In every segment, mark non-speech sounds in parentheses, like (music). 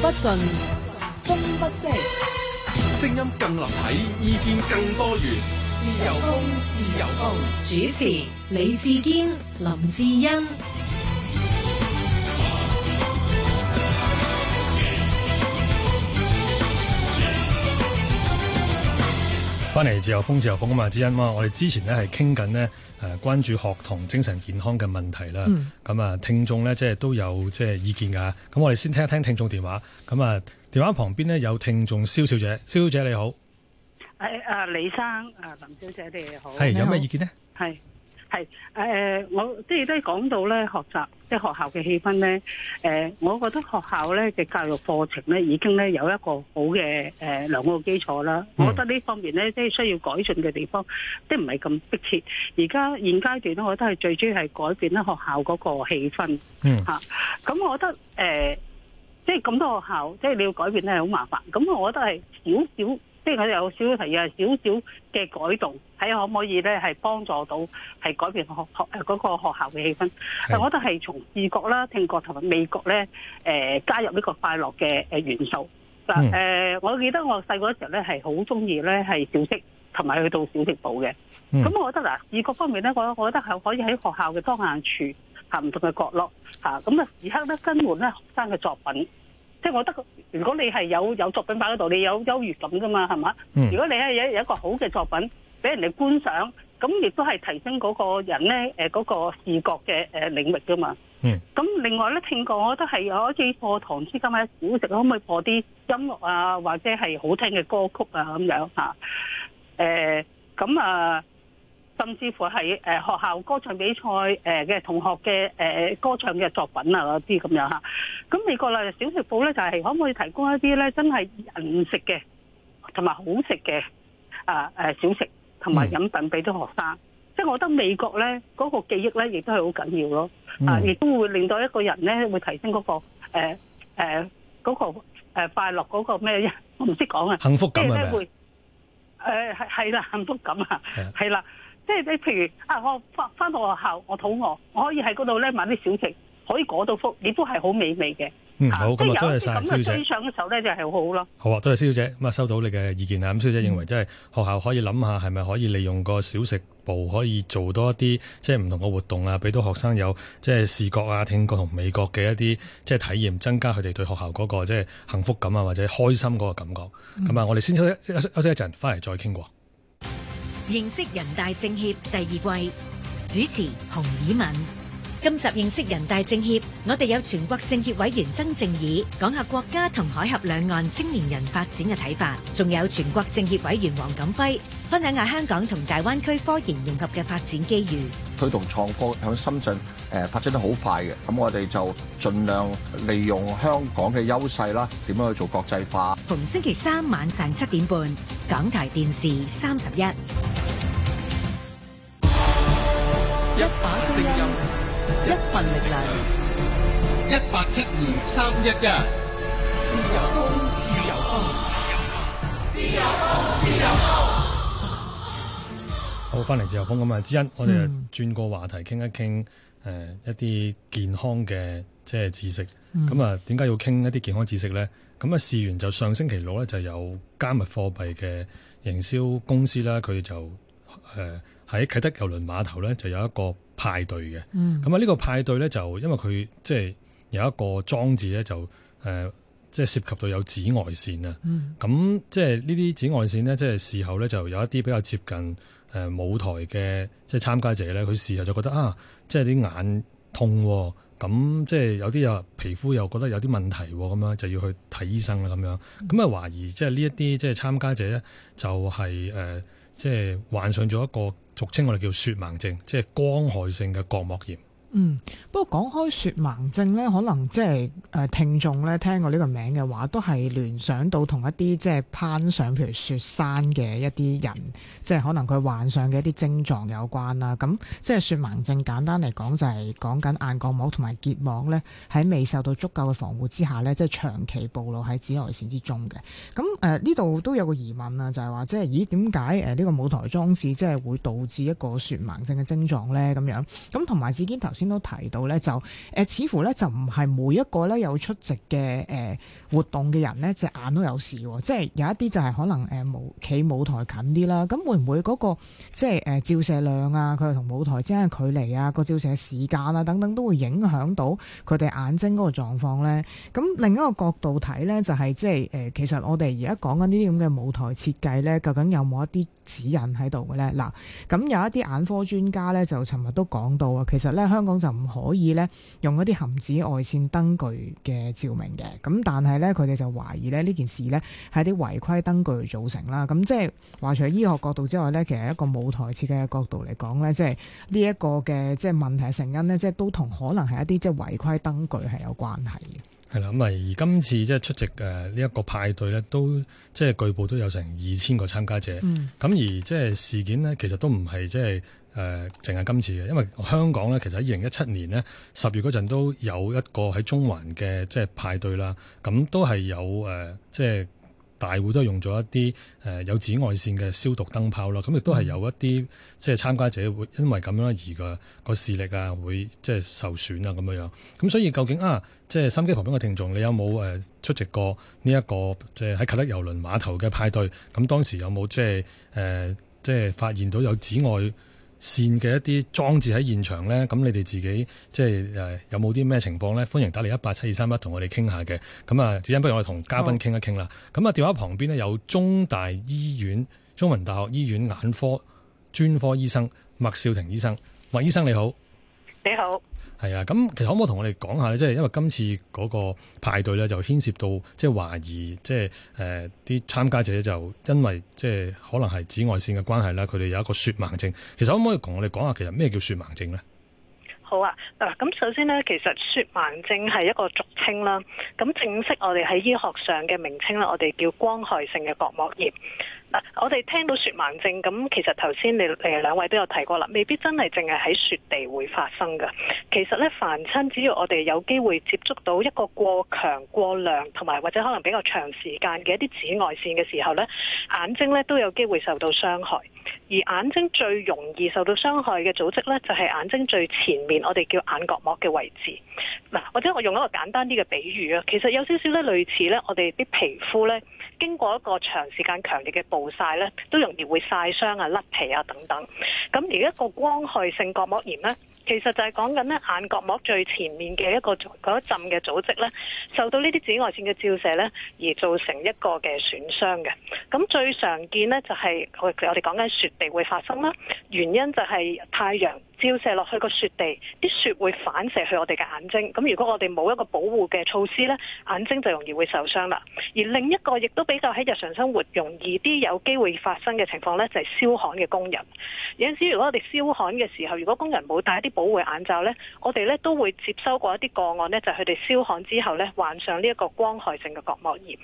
不盡，風不息，聲音更立體，意見更多元，自由風，自由風。主持：李志堅、林志恩。翻嚟自由風，自由風啊嘛！之嘛，我哋之前咧係傾緊咧誒關注學童精神健康嘅問題啦。咁、嗯、啊，聽眾咧即係都有即係意見噶。咁我哋先聽一聽聽眾電話。咁啊，電話旁邊呢，有聽眾蕭小姐，蕭小姐你好。誒啊，李生啊，林小姐你好。係有咩意見呢？係。係誒、呃，我即係都講到咧學習，即係學，學校嘅氣氛咧。誒、呃，我覺得學校咧嘅教育課程咧，已經咧有一個好嘅誒良好嘅基礎啦、嗯。我覺得呢方面咧，即係需要改進嘅地方，即係唔係咁迫切。而家現階段，我覺得係最主要係改變咧學校嗰個氣氛。嗯，吓、啊，咁我覺得誒、呃，即係咁多學校，即係你要改變咧，係好麻煩。咁我覺得係少少。即係有少少提議少少嘅改動，睇下可唔可以咧係幫助到，係改變學學嗰個學校嘅氣氛是。我覺得係從視覺啦、聽覺同埋味覺咧，誒、呃、加入呢個快樂嘅誒元素嗱。誒、嗯呃，我記得我細個嗰時候咧係好中意咧係小息同埋去到小食部嘅。咁、嗯、我覺得嗱，視覺方面咧，我覺得係可以喺學校嘅當眼處、行唔同嘅角落嚇咁啊時刻咧更換咧學生嘅作品。即係我覺得，如果你係有有作品擺喺度，你有有優越感噶嘛，係嘛、嗯？如果你係有有一個好嘅作品俾人哋觀賞，咁亦都係提升嗰個人咧誒嗰個視覺嘅誒、呃、領域噶嘛。咁、嗯、另外咧，聽過我覺得係可以課堂之間喺小食可唔可以播啲音樂啊，或者係好聽嘅歌曲啊咁樣嚇誒咁啊。呃甚至乎係誒、呃、學校歌唱比賽誒嘅、呃、同學嘅誒、呃、歌唱嘅作品啊嗰啲咁樣嚇，咁美國啦小食部咧就係、是、可唔可以提供一啲咧真係人食嘅同埋好食嘅啊誒小食同埋飲品俾啲學生，嗯、即係我覺得美國咧嗰、那個記憶咧亦都係好緊要咯、嗯，啊亦都會令到一個人咧會提升嗰、那個誒誒嗰個快樂嗰個咩我唔識講啊！幸福感啊！咩？誒係係啦，幸福感啊，係啦。 (laughs) 即係你譬如啊，我翻翻到學校，我肚餓，我可以喺嗰度咧買啲小食，可以攰到福，你都係好美味嘅。嗯，好，咁啊、嗯，多謝晒，舒姐。即係追上嘅時候咧，就係好咯。好啊，多謝舒小姐。咁啊，收到你嘅意見啊。咁舒姐認為，即係學校可以諗下，係咪可以利用個小食部，可以做多一啲即係唔同嘅活動啊，俾到學生有即係、就是、視覺啊、聽覺同味覺嘅一啲即係體驗，增加佢哋對學校嗰、那個即係、就是、幸福感啊，或者開心嗰個感覺。咁、嗯、啊，我哋先休息一息一息一陣，翻嚟再傾過。認識人大政協第二季主持洪以敏，今集認識人大政協，我哋有全國政協委員曾正義講下國家同海峽兩岸青年人發展嘅睇法，仲有全國政協委員黃錦輝分享下香港同大灣區科研融合嘅發展機遇，推動創科響深圳誒發展得好快嘅。咁我哋就盡量利用香港嘅優勢啦，點樣去做國際化。逢星期三晚上七點半，港台電視三十一。一把聲音，一份力量，一八七二三一一，啊。自由風，自由風，自由風，自由風，自由風。好，翻嚟自由風咁啊！之、嗯、一，我、嗯、哋、嗯、轉個話題，傾一傾誒，一啲健康嘅即係知識。咁、嗯、啊，點解要傾一啲健康知識咧？咁啊，事源就上星期六咧，就有加密貨幣嘅營銷公司啦，佢哋就誒。呃喺啟德郵輪碼頭咧就有一個派對嘅，嗯，咁啊呢個派對咧，就因為佢即係有一個裝置咧，就誒即係涉及到有紫外線啊，咁即係呢啲紫外線咧，即係事後咧，就有一啲比較接近誒舞台嘅即係參加者咧，佢事後就覺得啊即係啲眼痛，咁即係有啲啊皮膚又覺得有啲問題咁樣，就要去睇醫生啊咁樣，咁啊懷疑即係呢一啲即係參加者咧就係誒即係患上咗一個。俗稱我哋叫做雪盲症，即係光害性嘅角膜炎。嗯，不過講開雪盲症咧，可能即係誒聽眾咧聽過呢個名嘅話，都係聯想到同一啲即係攀上譬如雪山嘅一啲人，即係可能佢患上嘅一啲症狀有關啦。咁即係雪盲症簡單嚟講，就是，就係講緊眼角膜同埋結膜咧喺未受到足夠嘅防護之下咧，即係長期暴露喺紫外線之中嘅。咁誒呢度都有個疑問啊，就係話即係咦點解誒呢個舞台裝置即係會導致一個雪盲症嘅症狀咧？咁樣咁同埋子堅頭。先都提到咧，就誒、呃、似乎咧就唔係每一個咧有出席嘅誒、呃、活動嘅人咧隻眼都有事喎、哦，即係有一啲就係可能誒舞企舞台近啲啦，咁會唔會嗰、那個即係誒、呃、照射量啊，佢同舞台之間嘅距離啊，個照射時間啊等等都會影響到佢哋眼睛嗰個狀況咧？咁另一個角度睇咧，就係即係誒其實我哋而家講緊呢啲咁嘅舞台設計咧，究竟有冇一啲指引喺度嘅咧？嗱，咁有一啲眼科專家咧就尋日都講到啊，其實咧香港。就唔可以咧用一啲含紫外線燈具嘅照明嘅，咁但係咧佢哋就懷疑咧呢件事咧係啲違規燈具造成啦。咁即係話除咗醫學角度之外咧，其實一個舞台設計嘅角度嚟講咧，即係呢一個嘅即係問題嘅成因咧，即係都同可能係一啲即係違規燈具係有關係嘅。係啦，咁而今次即係出席嘅呢一個派對咧，都即係據報都有成二千個參加者。咁、嗯、而即係事件咧，其實都唔係即係。誒、呃，淨係今次嘅，因為香港呢，其實喺二零一七年呢，十月嗰陣都有一個喺中環嘅即係派對啦。咁都係有即係、呃就是、大會都用咗一啲、呃、有紫外線嘅消毒燈泡啦。咁亦都係有一啲即係參加者會因為咁樣而個個視力啊會即係、就是、受損啊咁樣。咁所以究竟啊，即、就、係、是、心機旁邊嘅聽眾，你有冇誒出席過呢、這、一個即係喺啟德遊輪碼頭嘅派對？咁當時有冇即係即係發現到有紫外？線嘅一啲裝置喺現場呢，咁你哋自己即係有冇啲咩情況呢？歡迎打嚟一八七二三一同我哋傾下嘅。咁啊，陣間不如我哋同嘉賓傾一傾啦。咁、哦、啊，電話旁邊呢，有中大醫院、中文大學醫院眼科專科醫生麥兆婷醫生，麥醫生你好。你好，係啊，咁其實可唔可以同我哋講下咧？即係因為今次嗰個派對咧，就牽涉到即係懷疑，即係誒啲參加者就因為即係、即係、可能係紫外線嘅關係咧，佢哋有一個雪盲症。其實可唔可以同我哋講下，其實咩叫雪盲症咧？好啊，嗱，咁首先咧，其實雪盲症係一個俗稱啦，咁正式我哋喺醫學上嘅名稱咧，我哋叫光害性嘅角膜炎。我哋聽到雪盲症，咁其實頭先你誒兩位都有提過啦，未必真係淨係喺雪地會發生㗎。其實咧，凡親只要我哋有機會接觸到一個過強、過量，同埋或者可能比較長時間嘅一啲紫外線嘅時候咧，眼睛咧都有機會受到傷害。而眼睛最容易受到傷害嘅組織咧，就係眼睛最前面我哋叫眼角膜嘅位置。嗱，或者我用一個簡單啲嘅比喻啊，其實有少少咧類似咧，我哋啲皮膚咧經過一個長時間強烈嘅暴曬咧都容易會曬傷啊、甩皮啊等等。咁而一個光害性角膜炎咧，其實就係講緊咧眼角膜最前面嘅一個嗰一浸嘅組織咧，受到呢啲紫外線嘅照射咧，而造成一個嘅損傷嘅。咁最常見咧就係、是、我哋講緊雪地會發生啦，原因就係太陽。照射落去個雪地，啲雪會反射去我哋嘅眼睛。咁如果我哋冇一個保護嘅措施呢，眼睛就容易會受傷啦。而另一個亦都比較喺日常生活容易啲有機會發生嘅情況呢，就係燒焊嘅工人。有陣時如果我哋燒焊嘅時候，如果工人冇戴一啲保護眼罩呢，我哋呢都會接收過一啲個案呢就係佢哋燒焊之後呢患上呢一個光害性嘅角膜炎。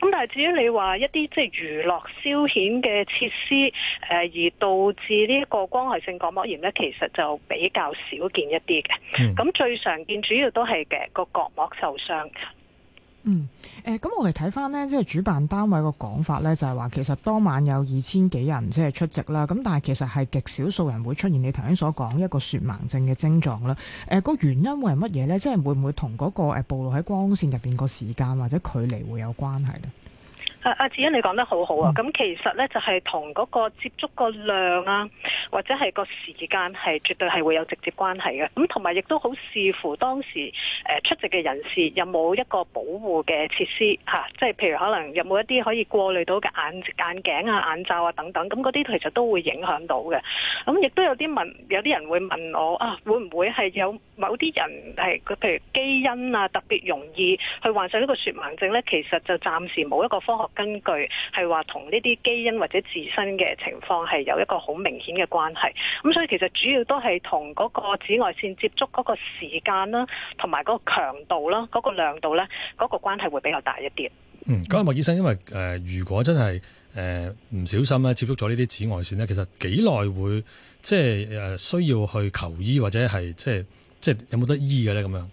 咁但係至於你話一啲即係娛樂消遣嘅設施、呃，而導致呢一個光害性角膜炎呢，其實，就比較少見一啲嘅，咁最常見主要都係嘅個角膜受傷。嗯，誒，咁我哋睇翻呢，即係主辦單位個講法呢，就係話其實當晚有二千幾人即係出席啦，咁但係其實係極少數人會出現你頭先所講一個雪盲症嘅症狀啦。誒，個原因會係乜嘢呢？即係會唔會同嗰個暴露喺光線入邊個時間或者距離會有關係呢？阿子欣，你講得好好啊！咁其實呢，就係同嗰個接觸個量啊，或者係個時間係絕對係會有直接關係嘅。咁同埋亦都好視乎當時出席嘅人士有冇一個保護嘅設施吓，即係、啊就是、譬如可能有冇一啲可以過濾到嘅眼眼鏡啊、眼罩啊等等，咁嗰啲其實都會影響到嘅。咁亦都有啲問，有啲人會問我啊，會唔會係有？某啲人係佢譬如基因啊，特別容易去患上呢個雪盲症咧，其實就暫時冇一個科學根據係話同呢啲基因或者自身嘅情況係有一個好明顯嘅關係。咁所以其實主要都係同嗰個紫外線接觸嗰個時間啦、啊，同埋嗰個強度啦、啊，嗰、嗰個亮度咧，嗰、嗰個關係會比較大一啲。嗯，咁麥醫生，因為誒、呃，如果真係誒唔小心咧，接觸咗呢啲紫外線咧，其實幾耐會即係誒需要去求醫或者係即係？即係有冇得醫嘅咧？咁樣，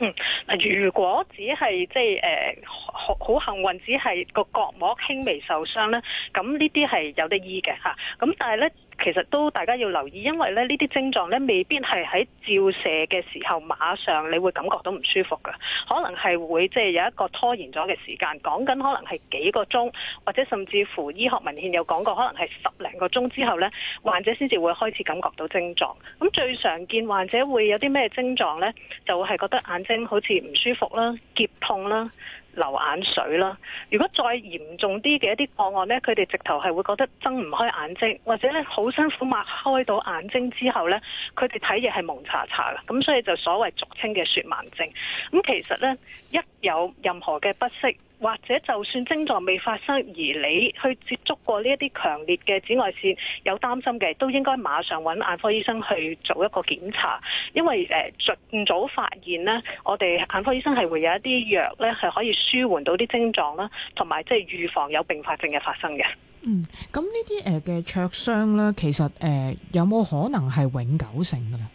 嗯，嗱，如果只係即係誒好幸運，只係個角膜輕微受傷咧，咁呢啲係有得醫嘅嚇。咁但係咧。其實都大家要留意，因為咧呢啲症狀咧未必係喺照射嘅時候馬上你會感覺到唔舒服噶，可能係會即係、就是、有一個拖延咗嘅時間，講緊可能係幾個鐘，或者甚至乎醫學文獻有講過，可能係十零個鐘之後咧患者，先至會開始感覺到症狀。咁最常見患者會有啲咩症狀咧，就會係覺得眼睛好似唔舒服啦，拮痛啦，流眼水啦。如果再嚴重啲嘅一啲個案呢，佢哋直頭係會覺得睜唔開眼睛，或者呢好辛苦擘開到眼睛之後呢，佢哋睇嘢係蒙查查喇。咁所以就所謂俗稱嘅雪盲症。咁其實呢，一有任何嘅不適。或者就算症狀未發生，而你去接觸過呢一啲強烈嘅紫外線，有擔心嘅，都應該馬上揾眼科醫生去做一個檢查，因為誒呃、盡早發現咧，我哋眼科醫生係會有一啲藥呢，係可以舒緩到啲症狀啦，同埋即係預防有併發症嘅發生嘅。嗯，咁呢啲誒嘅灼傷呢，其實誒、呃、有冇可能係永久性嘅呢？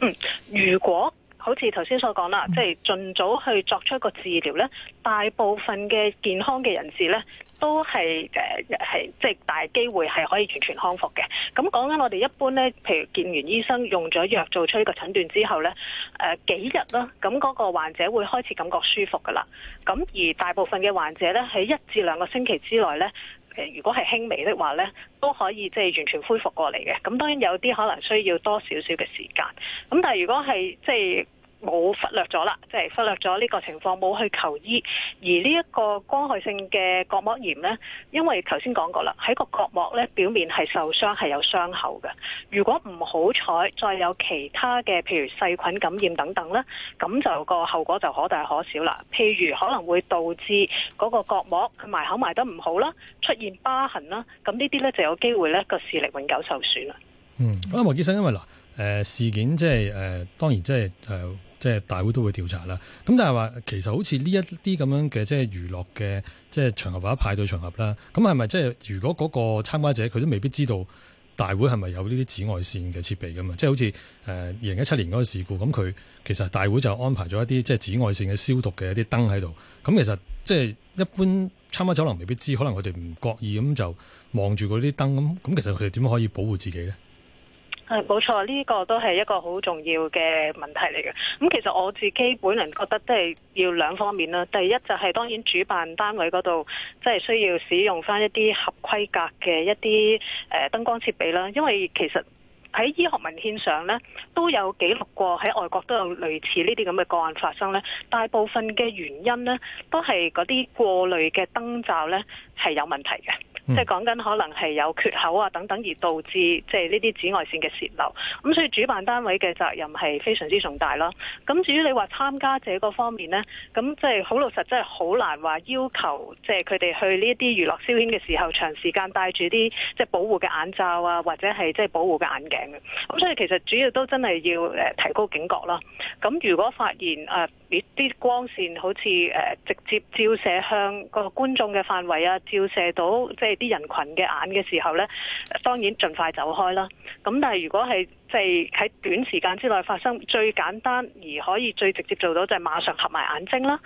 嗯。如果，好似頭先所講啦，即係盡早去作出一個治療咧，大部分嘅健康嘅人士咧，都係誒係即係大機會係可以完全康復嘅。咁講緊我哋一般咧，譬如見完醫生用咗藥做出呢個診斷之後咧，誒幾日啦，咁嗰個患者會開始感覺舒服噶啦。咁而大部分嘅患者咧，喺一至兩個星期之內咧，誒如果係輕微的話咧，都可以即係完全恢復過嚟嘅。咁當然有啲可能需要多少少嘅時間。咁但係如果係即係冇忽略咗啦，即係忽略咗呢個情況，冇去求醫。而呢一個光害性嘅角膜炎呢，因為頭先講過啦，喺個角膜呢表面係受傷，係有傷口嘅。如果唔好彩，再有其他嘅譬如細菌感染等等啦，咁就個後果就可大可小啦。譬如可能會導致嗰個角膜佢埋口埋得唔好啦，出現疤痕啦，咁呢啲呢就有機會呢個視力永久受損啦。嗯，啊，麥醫生，因為嗱，誒、呃、事件即係誒，當然即係誒。呃即係大會都會調查啦。咁但係話其實好似呢一啲咁樣嘅即係娛樂嘅即係場合或者派對場合啦。咁係咪即係如果嗰個參加者佢都未必知道大會係咪有呢啲紫外線嘅設備㗎嘛？即係好似誒二零一七年嗰個事故，咁佢其實大會就安排咗一啲即係紫外線嘅消毒嘅一啲燈喺度。咁其實即係一般參加者可能未必知，可能佢哋唔覺意咁就望住嗰啲燈咁。咁其實佢哋點可以保護自己咧？係冇錯，呢個都係一個好重要嘅問題嚟嘅。咁其實我自己本人覺得都係要兩方面啦。第一就係當然主辦單位嗰度，即係需要使用返一啲合規格嘅一啲誒燈光設備啦。因為其實喺醫學文獻上呢，都有記錄過喺外國都有類似呢啲咁嘅個案發生呢，大部分嘅原因呢，都係嗰啲過濾嘅燈罩呢係有問題嘅。嗯、即係講緊可能係有缺口啊等等，而導致即係呢啲紫外線嘅泄漏。咁所以主辦單位嘅責任係非常之重大啦。咁至於你話參加者嗰方面呢，咁即係好老實，真係好難話要求即係佢哋去呢一啲娛樂消遣嘅時候，長時間戴住啲即係保護嘅眼罩啊，或者係即係保護嘅眼鏡。咁所以其實主要都真係要誒提高警覺啦。咁如果發現、呃啲光線好似誒直接照射向個觀眾嘅範圍啊，照射到即係啲人群嘅眼嘅時候呢，當然盡快走開啦。咁但係如果係即係喺短時間之內發生，最簡單而可以最直接做到就係馬上合埋眼睛啦，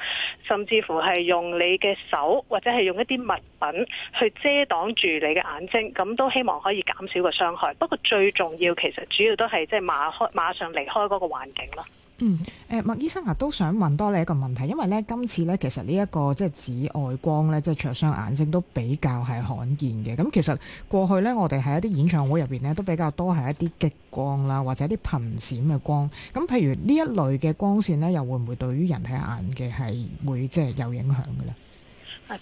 甚至乎係用你嘅手或者係用一啲物品去遮擋住你嘅眼睛，咁都希望可以減少個傷害。不過最重要其實主要都係即係馬開馬上離開嗰個環境啦。嗯，誒麥醫生啊，都想問多你一個問題，因為咧今次咧其實呢、這、一個即係紫外光咧，即係灼傷眼睛都比較係罕見嘅。咁其實過去咧，我哋喺一啲演唱會入邊咧，都比較多係一啲激光啦，或者一啲頻閃嘅光。咁譬如呢一類嘅光線咧，又會唔會對於人體眼嘅係會即係有影響嘅咧？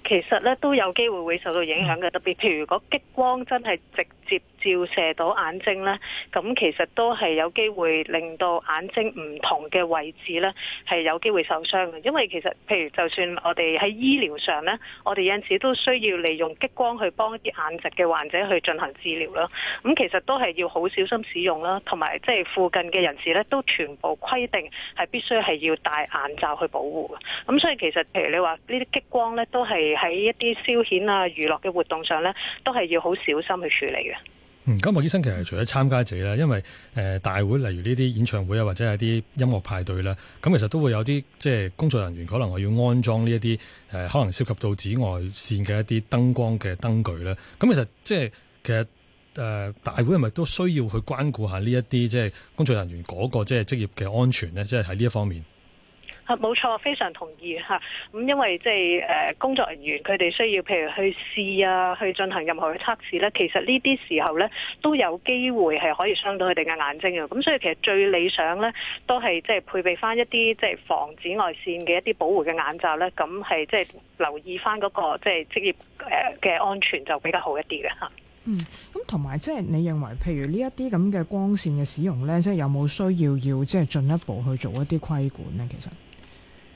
其實咧都有機會會受到影響嘅，特別譬如嗰激光真係直接。照射到眼睛咧，咁其實都係有機會令到眼睛唔同嘅位置咧，係有機會受傷嘅。因為其實譬如就算我哋喺醫療上咧，我哋有陣時都需要利用激光去幫一啲眼疾嘅患者去進行治療啦。咁其實都係要好小心使用啦，同埋即係附近嘅人士咧都全部規定係必須係要戴眼罩去保護嘅。咁所以其實譬如你話呢啲激光咧，都係喺一啲消遣啊、娛樂嘅活動上咧，都係要好小心去處理嘅。咁、嗯、麥醫生其實除咗參加者啦，因為誒大會例如呢啲演唱會啊，或者係啲音樂派對啦，咁其實都會有啲即係工作人員，可能我要安裝呢一啲誒可能涉及到紫外線嘅一啲燈光嘅燈具啦。咁其實即係其實、呃、大會係咪都需要去關顧下呢一啲即係工作人員嗰、嗰個即係、即係、職業嘅安全呢？即係喺呢一方面。冇錯，非常同意嚇。咁因為即係誒工作人員佢哋需要，譬如去試啊，去進行任何嘅測試咧，其實呢啲時候咧都有機會係可以傷到佢哋嘅眼睛嘅。咁所以其實最理想咧，都係即係配備返一啲即係防紫外線嘅一啲保護嘅眼罩咧。咁係即係留意返嗰個即係職業誒嘅安全就比較好一啲嘅嚇。嗯，咁同埋即係你認為，譬如呢一啲咁嘅光線嘅使用咧，即係有冇需要要即係進一步去做一啲規管咧？其實？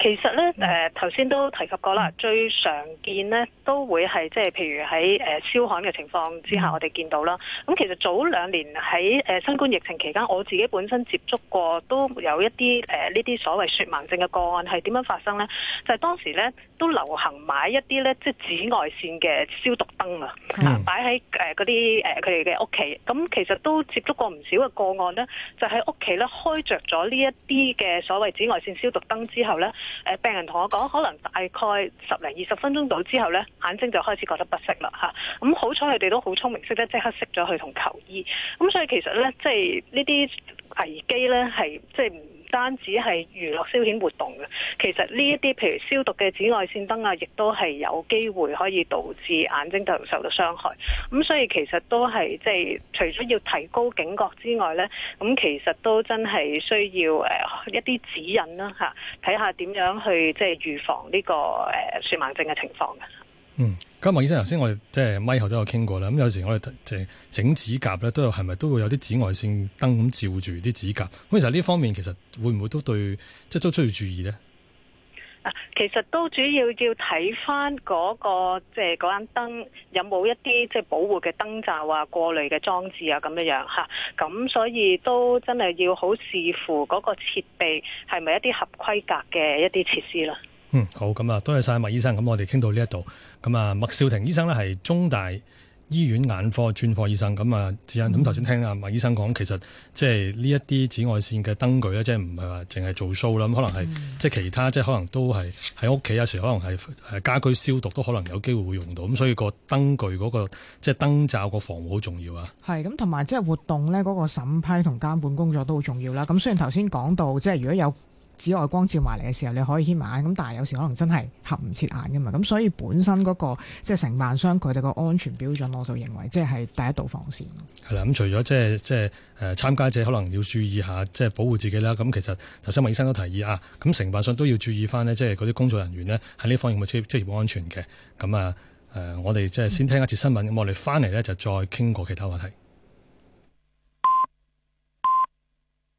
其實咧，誒頭先都提及過啦，最常見咧都會係即係譬如喺誒、呃、燒焊嘅情況之下，我哋見到啦。咁其實早兩年喺誒、呃、新冠疫情期間，我自己本身接觸過都有一啲誒呢啲所謂雪盲症嘅個案，係點樣發生咧？就係、當時咧都流行買一啲咧即係紫外線嘅消毒燈、嗯、啊，擺喺誒嗰啲誒佢哋嘅屋企。咁、呃呃、其實都接觸過唔少嘅個案咧，就喺屋企咧開着咗呢一啲嘅所謂紫外線消毒燈之後咧。誒病人同我講，可能大概十零二十分鐘到之後咧，眼睛就開始覺得不適啦嚇。咁好彩佢哋都好聰明，識得即刻識咗去同求醫。咁所以其實咧，即係呢啲危機咧，係即係唔。就是單止係娛樂消遣活動嘅，其實呢一啲譬如消毒嘅紫外線燈啊，亦都係有機會可以導致眼睛度受到傷害。咁所以其實都係即係除咗要提高警覺之外呢，咁其實都真係需要誒一啲指引啦吓，睇下點樣去即係預防呢個誒雪盲症嘅情況嘅。嗯，咁啊，麥醫生，頭先我哋即係咪後都有傾過啦。咁、嗯、有時我哋即係整指甲咧，都係咪都會有啲紫外線燈咁照住啲指甲？咁、嗯、其實呢方面其實會唔會都對，即係都需要注意咧？啊，其實都主要要睇翻嗰個即係嗰間燈有冇一啲即係保護嘅燈罩啊、過濾嘅裝置啊咁樣樣嚇。咁、啊、所以都真係要好視乎嗰個設備係咪一啲合規格嘅一啲設施啦。嗯，好，咁啊，多謝晒麥醫生，咁我哋傾到呢一度，咁啊，麥兆婷醫生呢，係中大醫院眼科專科醫生，咁、嗯、啊，智恩，咁頭先聽啊，麥醫生講，其實即係呢一啲紫外線嘅燈具咧，即係唔係話淨係做 show 啦，咁可能係即係其他，即係可能都係喺屋企有時可能係誒家居消毒都可能有機會會用到，咁所以個燈具嗰個即係燈罩個防護好重要啊。係，咁同埋即係活動咧嗰個審批同監管工作都好重要啦。咁雖然頭先講到即係如果有。紫外光照埋嚟嘅時候，你可以埋眼咁，但係有時候可能真係合唔切眼噶嘛。咁所以本身嗰、那個即係、就是、承萬商佢哋個安全標準，我就認為即係第一道防線。係啦，咁除咗即係即係誒參加者可能要注意一下，即係保護自己啦。咁其實頭先問醫生都提議啊，咁承萬商都要注意翻呢，即係嗰啲工作人員呢，喺呢方面有冇職業安全嘅。咁啊誒，我哋即係先聽一次新聞，咁、嗯、我哋翻嚟呢，就再傾過其他話題。